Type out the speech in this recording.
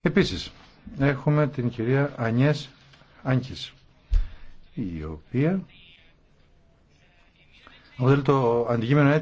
Επίσης, έχουμε την κυρία Ανιές Άγκης, η οποία αποτελεί το αντικείμενο